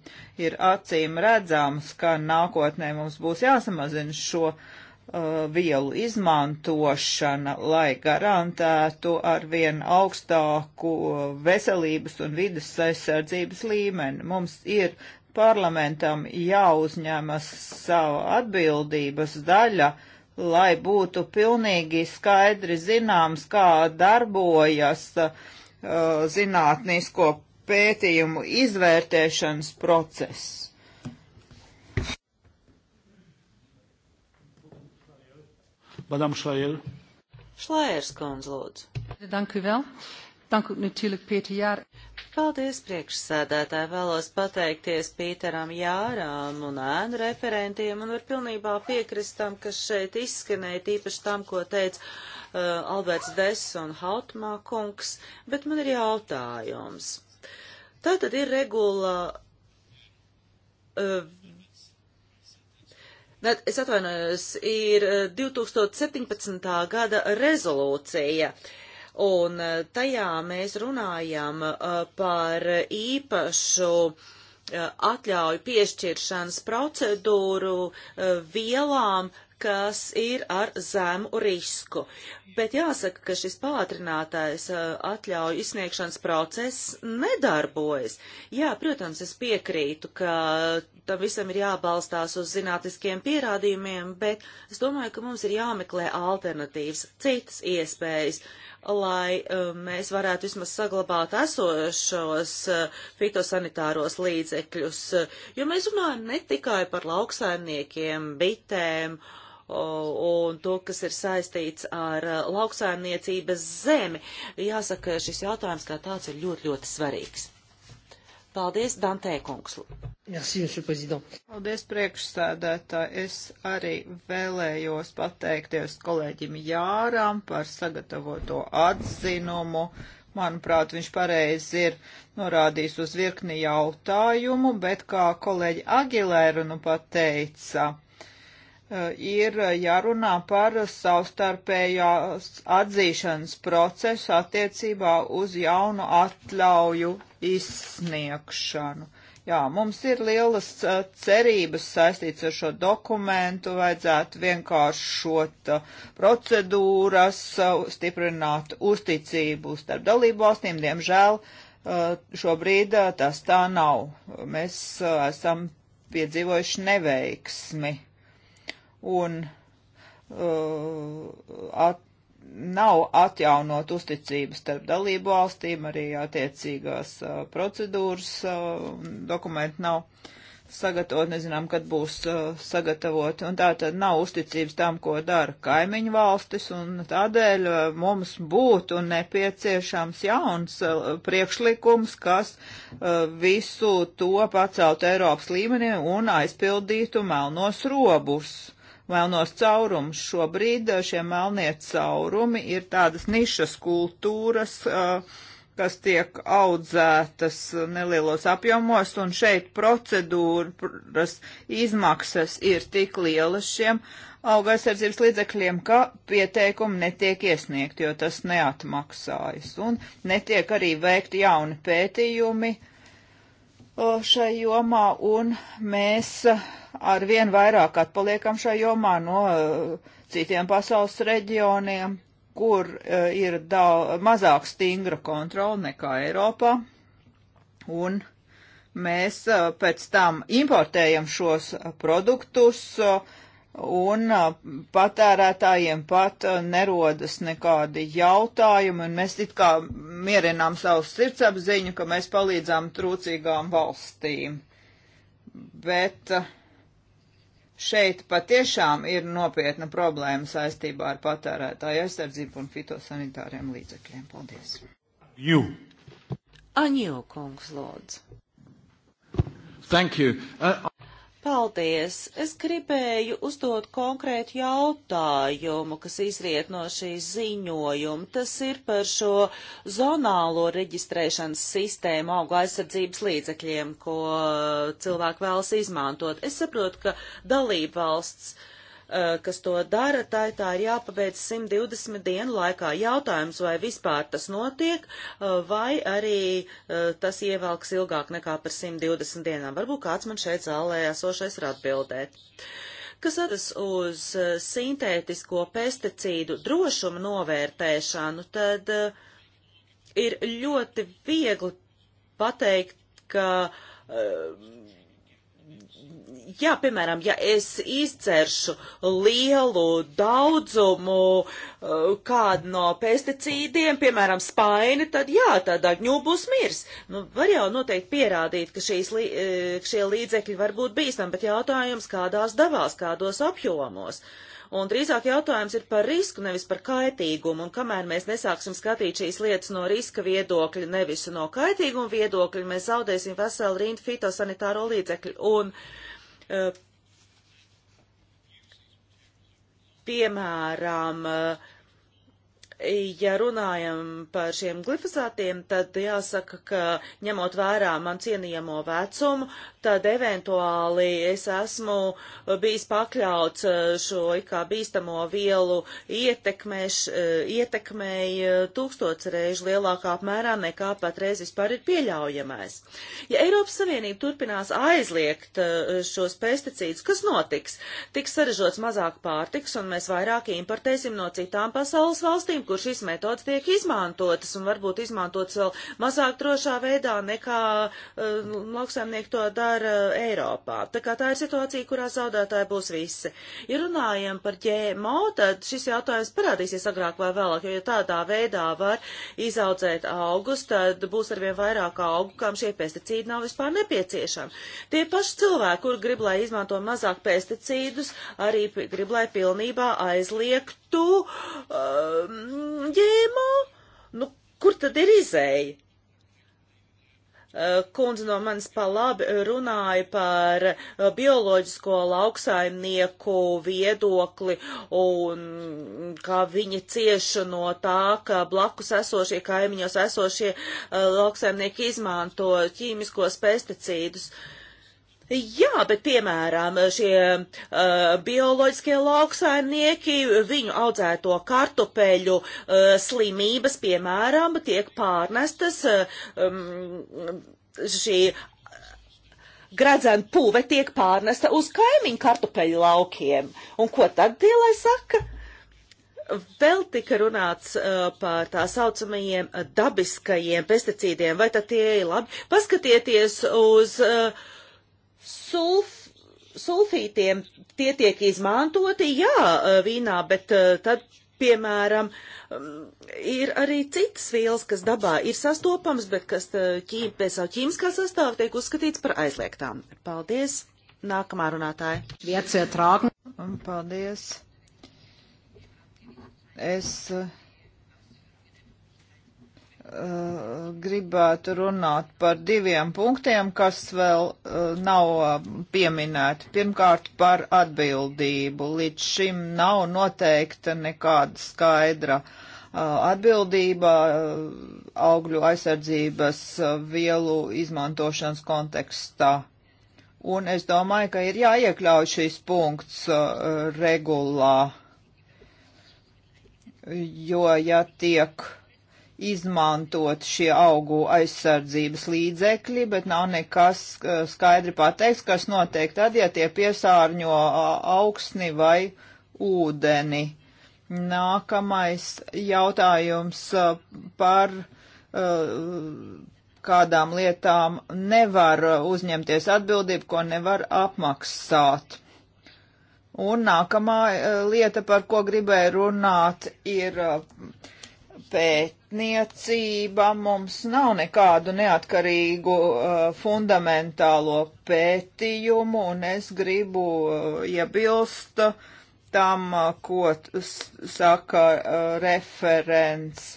Ir acīm redzams, ka nākotnē mums būs jāsamazina šo uh, vielu izmantošana, lai garantētu ar vien augstāku uh, veselības un vidas aizsardzības līmeni. Mums ir parlamentam jāuzņemas sava atbildības daļa lai būtu pilnīgi skaidri zināms, kā darbojas uh, zinātnīsko pētījumu izvērtēšanas process. Madame Schleier. Schleiers, kundze, lūdzu. Dank u wel. Dank u natuurlijk, Peter Jaar. Paldies, priekšsēdētāji! Vēlos pateikties Pīteram Jārām un ēnu referentiem un var pilnībā piekrist tam, kas šeit izskanēja, tīpaši tam, ko teica uh, Alberts Dess un Hautmā kungs, bet man ir jautājums. Tā tad ir regula. Uh, Net, es atvainojos, ir 2017. Uh, gada rezolūcija. Uh, un eh, tajā mēs runājam eh, par īpašu eh, atļauju piešķiršanas procedūru vielām, kas ir ar zemu risku. Bet jāsaka, ka šis pātrinātais atļauju izsniegšanas process nedarbojas. Jā, protams, es piekrītu, ka tam visam ir jābalstās uz zinātniskiem pierādījumiem, bet es domāju, ka mums ir jāmeklē alternatīvas, citas iespējas, lai uh, mēs varētu vismaz saglabāt esošos uh, fitosanitāros līdzekļus, uh, jo mēs runājam ne tikai par lauksaimniekiem, bitēm, un to, kas ir saistīts ar uh, lauksaimniecības zemi. Jāsaka, šis jautājums kā tāds ir ļoti, ļoti svarīgs. Paldies, Dantē kungs. Merci, monsieur prezident. Paldies, priekšsēdētāji. Es arī vēlējos pateikties kolēģim Jāram par sagatavoto atzinumu. Manuprāt, viņš pareizi ir norādījis uz virkni jautājumu, bet kā kolēģi Agilēra nu pateica, eh, ir jārunā par savstarpējās atzīšanas procesu attiecībā uz jaunu atļauju izsniegšanu. Jā, mums ir lielas uh, cerības saistīts ar šo dokumentu, vajadzētu vienkāršot uh, procedūras, uh, stiprināt uzticību starp dalību valstīm. Diemžēl šobrīd tas tā nav. Mēs esam piedzīvojuši neveiksmi. Un at, nav atjaunot uzticības starp dalību valstīm, arī attiecīgās uh, procedūras uh, dokumenti nav sagatavot, nezinām, kad būs uh, sagatavot, un tā tad nav uzticības tam, ko dara kaimiņu valstis, un tādēļ uh, mums būtu nepieciešams jauns uh, priekšlikums, kas visu to pacelt Eiropas līmenī un aizpildītu melnos robus melnos caurumus. Šobrīd eh, šie melnie caurumi ir tādas nišas kultūras, eh, kas tiek audzētas nelielos apjomos, un šeit procedūras izmaksas ir tik lielas šiem augaisardzības līdzekļiem, ka pieteikumi netiek iesniegti, jo tas neatmaksājas, un netiek arī veikti jauni pētījumi šai jomā, un mēs ar vien vairāk atpaliekam šai jomā no e, citiem pasaules reģioniem, kur e, ir daudz, mazāk stingra kontrola nekā Eiropā. Un mēs e, pēc tam importējam šos produktus, uh, un patērētājiem pat nerodas nekādi jautājumi, un mēs it kā mierinām savu sirdsapziņu, ka mēs palīdzām trūcīgām valstīm. Bet šeit patiešām ir nopietna problēma saistībā ar patērētāju aizsardzību un fitosanitāriem līdzekļiem. Paldies! Jū! Aņū, kungs, lūdzu! Thank you. Uh, Paldies! Es gribēju uzdot konkrētu jautājumu, kas izriet no šīs ziņojuma. Tas ir par šo zonālo reģistrēšanas sistēmu auga aizsardzības līdzekļiem, ko cilvēki vēlas izmantot. Es saprotu, ka dalība valsts uh, Eh, kas to dara, tā, tā ir jāpabeidz 120 dienu laikā. Jautājums, vai vispār tas notiek, eh, vai arī eh, tas ievelks ilgāk nekā par 120 dienām. Varbūt kāds man šeit zālē esošais var atbildēt. Kas atras uz sintētisko pesticīdu drošumu novērtēšanu, tad ir ļoti viegli pateikt, ka jā, piemēram, ja es izceršu lielu daudzumu uh, kādu no pesticīdiem, piemēram, spaini, tad jā, tad agņū būs mirs. Nu, var jau noteikti pierādīt, ka šīs, uh, šie līdzekļi var būt bīstami, bet jautājums, kādās devās, kādos apjomos. Un drīzāk jautājums ir par risku, nevis par kaitīgumu, un kamēr mēs nesāksim skatīt šīs lietas no riska viedokļa, nevis no kaitīguma viedokļa, mēs zaudēsim veselu rindu fitosanitāro līdzekļu. Un, uh, Eh, piemēram, eh, ja runājam par šiem glifosātiem, tad jāsaka, ka ņemot vērā man cienījamo vecumu, tad eventuāli es esmu bijis pakļauts eh, šo kā bīstamo vielu ietekmēš, eh, ietekmēji eh, tūkstots reižu lielākā apmērā nekā patreiz vispār ir pieļaujamais. Ja Eiropas Savienība turpinās aizliegt šos pesticīdus, kas notiks? Tiks saražots mazāk pārtiks un mēs vairāk importēsim no citām pasaules valstīm, kur šīs metodas tiek izmantotas un varbūt izmantotas vēl mazāk drošā veidā nekā uh, lauksaimnieki to dara par uh, eh, Eiropā. Tā kā tā ir situācija, kurā zaudētāji būs visi. Ja runājam par ģēmo, tad šis jautājums parādīsies agrāk vai vēlāk, jo ja tādā veidā var izaudzēt augus, tad būs arvien vairāk augu, kam šie pesticīdi nav vispār nepieciešami. Tie paši cilvēki, kur grib, lai izmanto mazāk pesticīdus, arī grib, lai pilnībā aizliegtu um, ģēmo. Nu, kur tad ir izēja? Eh, kundze no manis pa labi runāja par eh, bioloģisko lauksaimnieku viedokli un kā viņi cieši no tā, ka blakus esošie kaimiņos esošie eh, lauksaimnieki izmanto ķīmiskos pesticīdus. Uh, Jā, bet piemēram šie uh, bioloģiskie lauksaimnieki, viņu audzēto kartupeļu uh, slimības, piemēram, tiek pārnestas uh, um, šī. Gradzena puve tiek pārnesta uz kaimiņu kartupeļu laukiem. Un ko tad tie lai saka? vēl tika runāts uh, par tā saucamajiem dabiskajiem pesticīdiem, vai tad tie ir labi? Paskatieties uz uh, sulf, sulfītiem tie tiek izmantoti, jā, vīnā, bet tad, piemēram, ir arī citas vielas, kas dabā ir sastopams, bet kas ķīm, pēc savu ķīmiskā sastāvu tiek uzskatīts par aizliegtām. Paldies! Nākamā runātāja. Vieciet rāk. Paldies. Es. Uh gribētu runāt par diviem punktiem, kas vēl eh, nav eh, pieminēti. Pirmkārt, par atbildību. Līdz šim nav noteikta nekāda skaidra eh, atbildība augļu aizsardzības vielu izmantošanas kontekstā. Un es domāju, ka ir jāiekļauj šīs punkts regulā, jo ja tiek izmantot šie augu aizsardzības līdzekļi, bet nav nekas uh, skaidri pateikts, kas notiek tad, ja tie piesārņo uh, augsni vai ūdeni. Nākamais jautājums uh, par kādām lietām nevar uzņemties atbildību, ko nevar apmaksāt. Un nākamā lieta, par ko gribēju runāt, ir uh, pētniecība, mums nav nekādu neatkarīgu uh, fundamentālo pētījumu, un es gribu uh, iebilst tam, uh, ko saka uh, referents.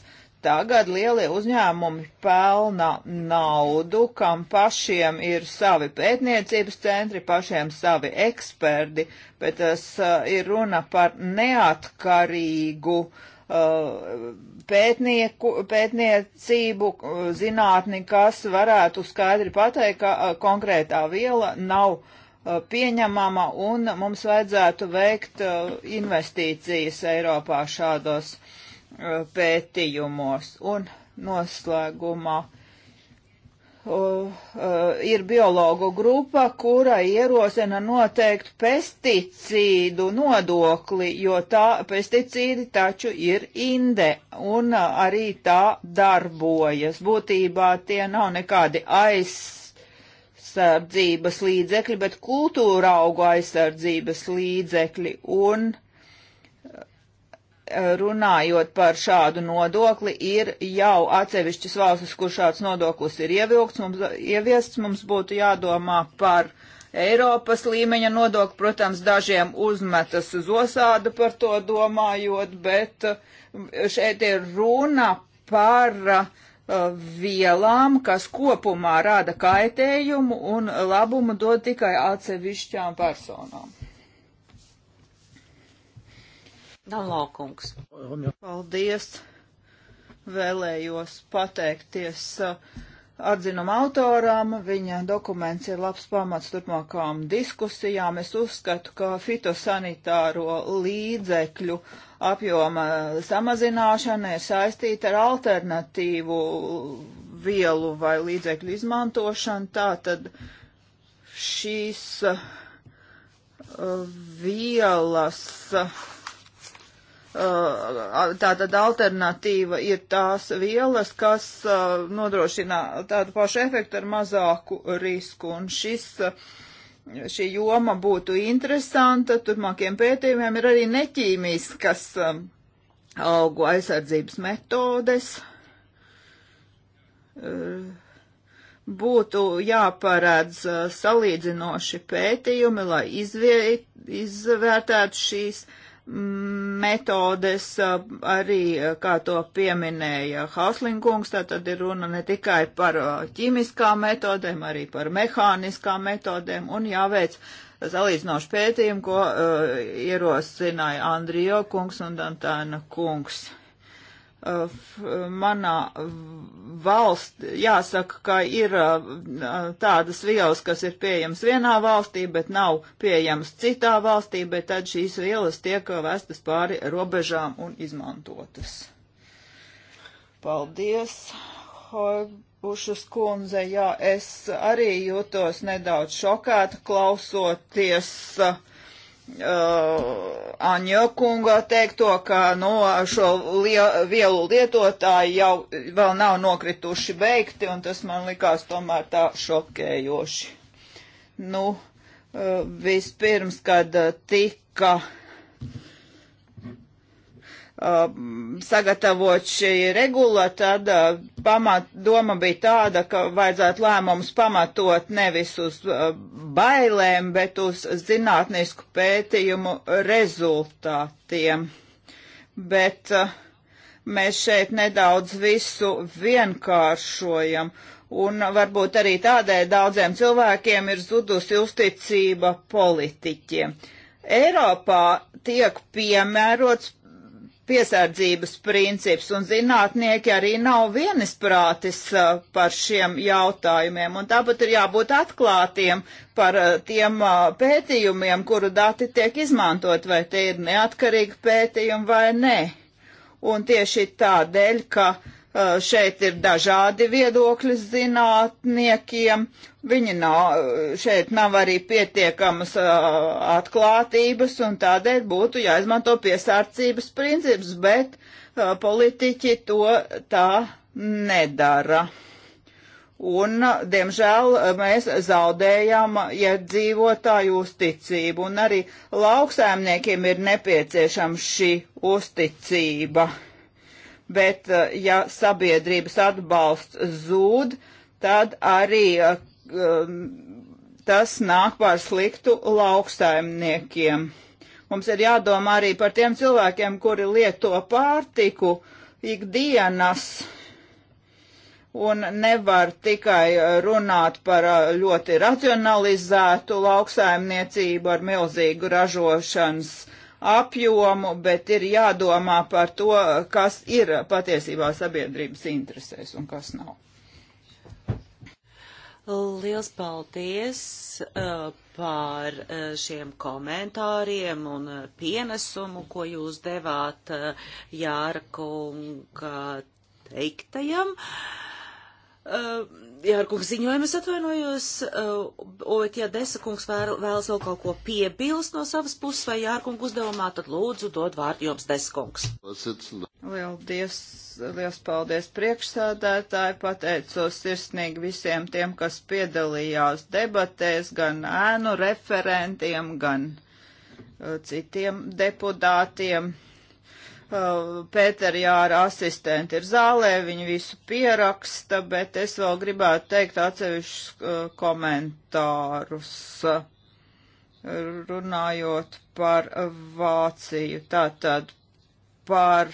Tagad lielie uzņēmumi pelna naudu, kam pašiem ir savi pētniecības centri, pašiem savi eksperti, bet tas uh, ir runa par neatkarīgu uh, Uh, pētnieku, pētniecību uh, zinātni, kas varētu skaidri pateikt, ka uh, konkrētā viela nav pieņemama un mums vajadzētu veikt investīcijas Eiropā šādos pētījumos. Un noslēgumā Uh, uh, ir biologu grupa, kura ierosina noteiktu pesticīdu nodokli, jo tā pesticīdi taču ir inde un uh, arī tā darbojas. Būtībā tie nav nekādi aizsardzības līdzekļi, bet kultūra auga aizsardzības līdzekļi un uh, runājot par šādu nodokli, ir jau atsevišķas valstis, kur šāds nodoklis ir ievilkts, mums, ieviests, mums būtu jādomā par Eiropas līmeņa nodokli. Protams, dažiem uzmetas uz osādu par to domājot, bet uh, šeit ir runa par uh, vielām, kas kopumā rada kaitējumu un labumu dod tikai atsevišķām personām. Danlokungs. Paldies! Vēlējos pateikties uh, atzinuma autoram. Viņa dokuments ir labs pamats turpmākām diskusijām. Es uzskatu, ka fitosanitāro līdzekļu apjoma samazināšana ir saistīta ar alternatīvu vielu vai līdzekļu izmantošanu. Tātad šīs uh, vielas uh, Uh, tātad alternatīva ir tās vielas, kas uh, nodrošina tādu pašu efektu ar mazāku risku. Un šis, uh, šī joma būtu interesanta, turpmākiem pētījumiem ir arī neķīmiskas um, augu aizsardzības metodes būtu jāparādz salīdzinoši pētījumi, lai izvie, izvērtētu šīs metodes, arī kā to pieminēja Hauslinkungs, tātad ir runa ne tikai par ķīmiskām metodēm, arī par mehāniskām metodēm un jāveic salīdzinošu pētījumu, ko uh, ierosināja Andrijo kungs un Dantēna kungs. Uh, manā valstī, jāsaka, ka ir uh, tādas vielas, kas ir pieejamas vienā valstī, bet nav pieejamas citā valstī, bet tad šīs vielas tiek vestas pāri robežām un izmantotas. Paldies, Hoibušas kundze, jā, es arī jūtos nedaudz šokēta klausoties uh, uh, Aņo kunga teikto, ka nu, šo liel, vielu lietotāji jau vēl nav nokrituši beigti, un tas man likās tomēr tā šokējoši. Nu, uh, vispirms, kad uh, tika uh, Um, sagatavot šī regula, tad uh, pamat, doma bija tāda, ka vajadzētu lēmumus pamatot nevis uz uh, bailēm, bet uz zinātnisku pētījumu rezultātiem. Bet uh, mēs šeit nedaudz visu vienkāršojam. Un varbūt arī tādēļ daudziem cilvēkiem ir zudusi uzticība politiķiem. Eiropā tiek piemērots piesardzības princips, un zinātnieki arī nav vienisprātis uh, par šiem jautājumiem, un tāpat ir jābūt atklātiem par uh, tiem uh, pētījumiem, kuru dati tiek izmantot, vai tie ir neatkarīgi pētījumi vai nē. Un tieši tādēļ, ka uh, Eh, šeit ir dažādi viedokļi zinātniekiem. Viņi nav, eh, šeit nav arī pietiekamas eh, atklātības un tādēļ būtu jāizmanto piesārcības princips, bet politiķi to tā nedara. Un, diemžēl, mēs zaudējam iedzīvotāju ja uzticību, un arī lauksaimniekiem ir nepieciešama šī uzticība. Uh, bet eh, ja sabiedrības atbalsts zūd, tad arī eh, um, tas nāk par sliktu lauksaimniekiem. Mums ir jādomā arī par tiem cilvēkiem, kuri lieto pārtiku ikdienas un nevar tikai runāt par eh, ļoti racionalizētu lauksaimniecību ar milzīgu ražošanas uh, apjomu, bet ir jādomā par to, kas ir patiesībā sabiedrības interesēs un kas nav. Liels paldies uh, par uh, šiem komentāriem un uh, pienesumu, ko jūs devāt uh, Jāra kunga teiktajam. Uh, Jārkungs ziņojumu es atvainojos, bet uh, ja Desakungs vēlas vēl kaut ko piebilst no savas puses vai Jārkungu uzdevumā, tad lūdzu dod vārdu jums Desakungs. Lieldies, liels paldies priekšsādātāji, pateicos sirsnīgi visiem tiem, kas piedalījās debatēs, gan ēnu referentiem, gan uh, citiem deputātiem. Uh, Pēteri Jāra asistenti ir zālē, viņi visu pieraksta, bet es vēl gribētu teikt atsevišķus uh, komentārus uh, runājot par Vāciju. Tātad par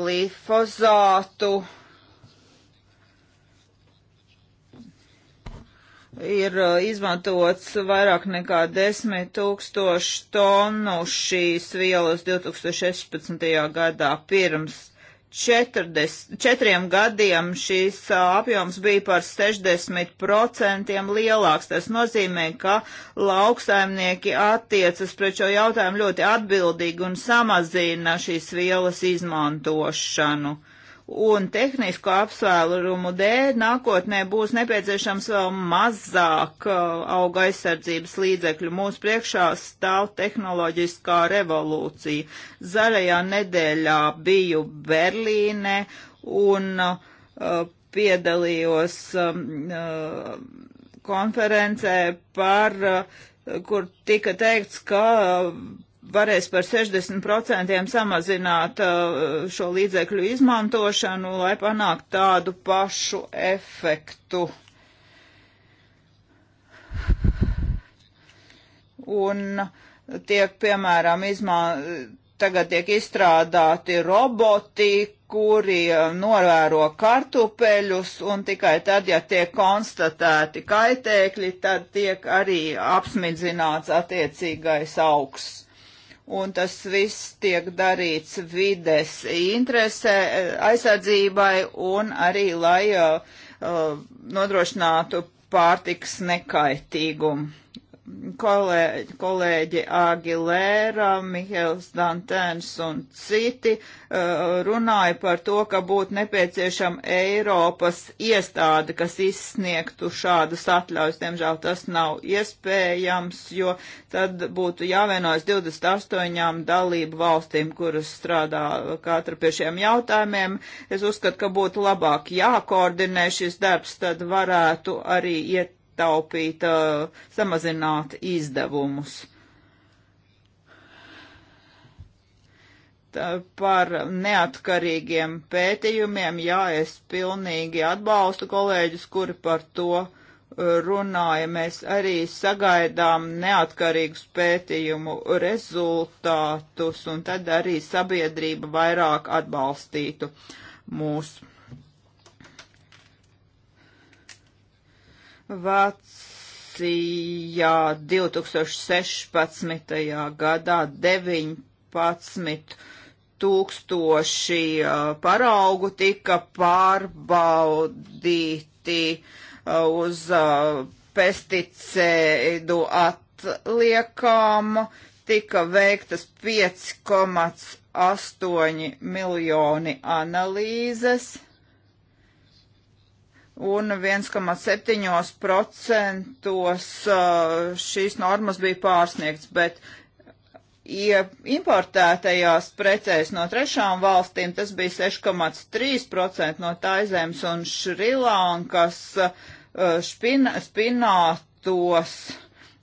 glifozātu ir uh, izmantots vairāk nekā 10 tūkstoši tonu šīs vielas 2016. gadā pirms 40, četriem gadiem šīs uh, apjoms bija par 60% lielāks. Tas nozīmē, ka lauksaimnieki attiecas pret šo jautājumu ļoti atbildīgi un samazina šīs vielas izmantošanu. Uh, un tehnisko apsvērumu dēļ nākotnē būs nepieciešams vēl mazāk uh, auga aizsardzības līdzekļu. Mūsu priekšā stāv tehnoloģiskā revolūcija. Zarajā nedēļā biju Berlīne un uh, piedalījos um, uh, konferencē par, uh, kur tika teikts, ka varēs par 60% samazināt uh, šo līdzekļu izmantošanu, lai panāktu tādu pašu efektu. Un tiek, piemēram, izmā... tagad tiek izstrādāti roboti, kuri uh, novēro kartupeļus, un tikai tad, ja tiek konstatēti kaitēkļi, tad tiek arī apsmidzināts attiecīgais augsts un tas viss tiek darīts vides interesē, aizsardzībai un arī, lai uh, uh nodrošinātu pārtiks nekaitīgumu kolēģi, kolēģi Agilēra, Mihēls Dantēns un citi uh, runāja par to, ka būtu nepieciešama Eiropas iestāde, kas izsniegtu šādas atļaujas. Diemžēl tas nav iespējams, jo tad būtu jāvienojas 28 dalību valstīm, kuras strādā katra pie šiem jautājumiem. Es uzskatu, ka būtu labāk jākoordinē šis darbs, tad varētu arī iet ietaupīt, eh, samazināt izdevumus. par neatkarīgiem pētījumiem. Jā, es pilnīgi atbalstu kolēģus, kuri par to eh, runāja. Mēs arī sagaidām neatkarīgus pētījumu rezultātus, un tad arī sabiedrība vairāk atbalstītu mūsu. Vācijā 2016. gadā 19 tūkstoši paraugu tika pārbaudīti uz pesticēdu atliekām, tika veiktas 5,8 miljoni analīzes un 1,7% uh, šīs normas bija pārsniegts, bet ja importētajās precēs no trešām valstīm tas bija 6,3% no Taizemes un Šrilankas uh, špin, spinātos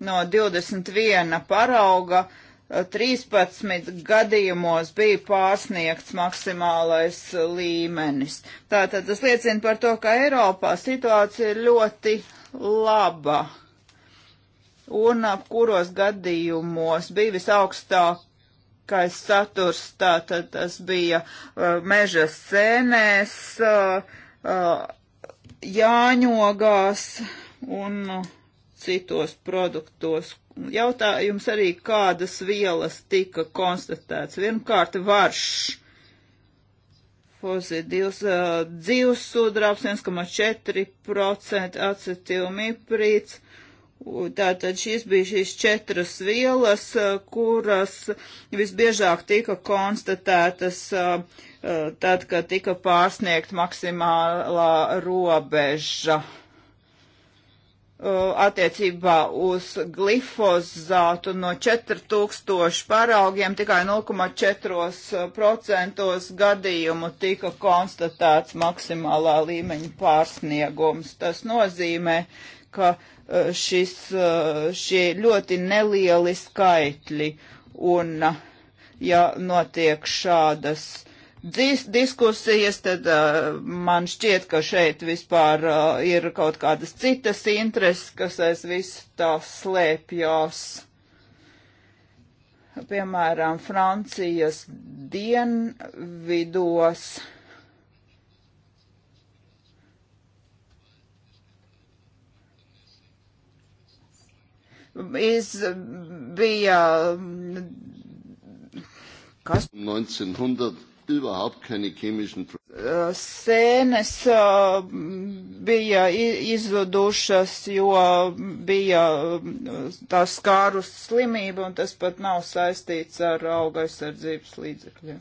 no 21 parauga 13 gadījumos bija pārsniegts maksimālais līmenis. Tātad tas liecina par to, ka Eiropā situācija ir ļoti laba. Un ap kuros gadījumos bija visaugstākais saturs, tātad tas bija uh, meža sēnēs, uh, uh, jāņogās un. Uh, citos produktos. Jautājums arī, kādas vielas tika konstatēts. Vienkārt varš. Fozidils, uh, dzīvsūdraps 1,4%, acetilmiprīts. Tātad šīs bija šīs četras vielas, kuras visbiežāk tika konstatētas tad, kad tika pārsniegt maksimālā robeža. Uh, Uh, attiecībā uz glifozātu no 4000 paraugiem tikai 0,4% gadījumu tika konstatēts maksimālā līmeņa pārsniegums. Tas nozīmē, ka uh, šis, uh, šie ļoti nelieli skaitļi un ja notiek šādas dis diskusijas, tad uh, man šķiet, ka šeit vispār uh, ir kaut kādas citas intereses, kas aiz visu tā slēpjās. Piemēram, Francijas dienvidos. iz, bija. Mm, kas? 1900 überhaupt keine chemischen Sēnes bija izzudušas, jo bija tā skārus slimība, un tas pat nav saistīts ar auga aizsardzības līdzekļiem.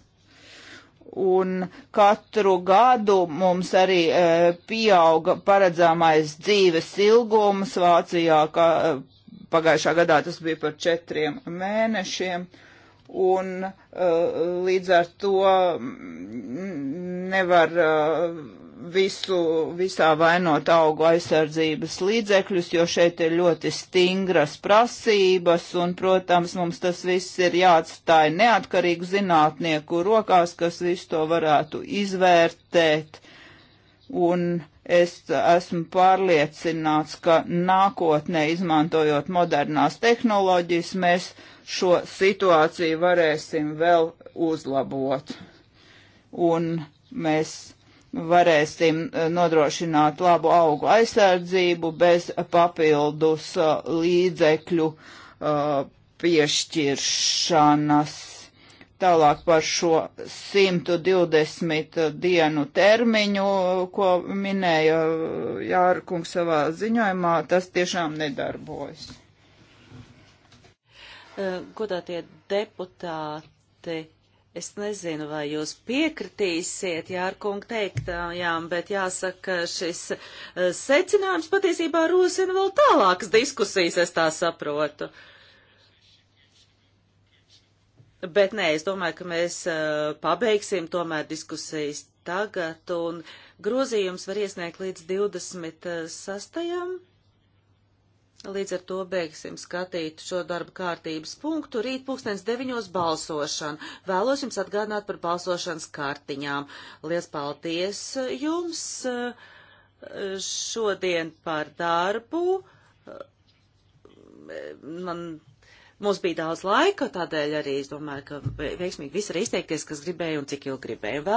Un katru gadu mums arī pieauga paredzamais dzīves ilgums Vācijā, kā pagājušā gadā tas bija par četriem mēnešiem. Uh, un uh, līdz ar to mm, nevar uh, visu, visā vainot augu aizsardzības līdzekļus, jo šeit ir ļoti stingras prasības, un, protams, mums tas viss ir jāatstāja neatkarīgu zinātnieku rokās, kas visu to varētu izvērtēt. Un es esmu pārliecināts, ka nākotnē, izmantojot modernās tehnoloģijas, mēs uh, šo situāciju varēsim vēl uzlabot. Un mēs varēsim eh, nodrošināt labu augu aizsardzību bez papildus eh, līdzekļu uh, piešķiršanas. Tālāk par šo 120 dienu termiņu, ko minēja Jārkungs savā ziņojumā, tas tiešām nedarbojas. Eh, godātie deputāti, es nezinu, vai jūs piekritīsiet Jārkunga teiktajām, bet jāsaka, šis eh, secinājums patiesībā rosina vēl tālākas diskusijas, es tā saprotu. Bet nē, es domāju, ka mēs eh, pabeigsim tomēr diskusijas tagad, un grozījums var iesniegt līdz 26. Līdz ar to beigsim skatīt šo darba kārtības punktu. Rīt pūkstens deviņos balsošana. Vēlos jums atgādināt par balsošanas kartiņām. Lies paldies jums eh, šodien par darbu. Eh, man mums bija daudz laika, tādēļ arī es domāju, ka veiksmīgi visi var izteikties, kas gribēja un cik ilgi gribēja.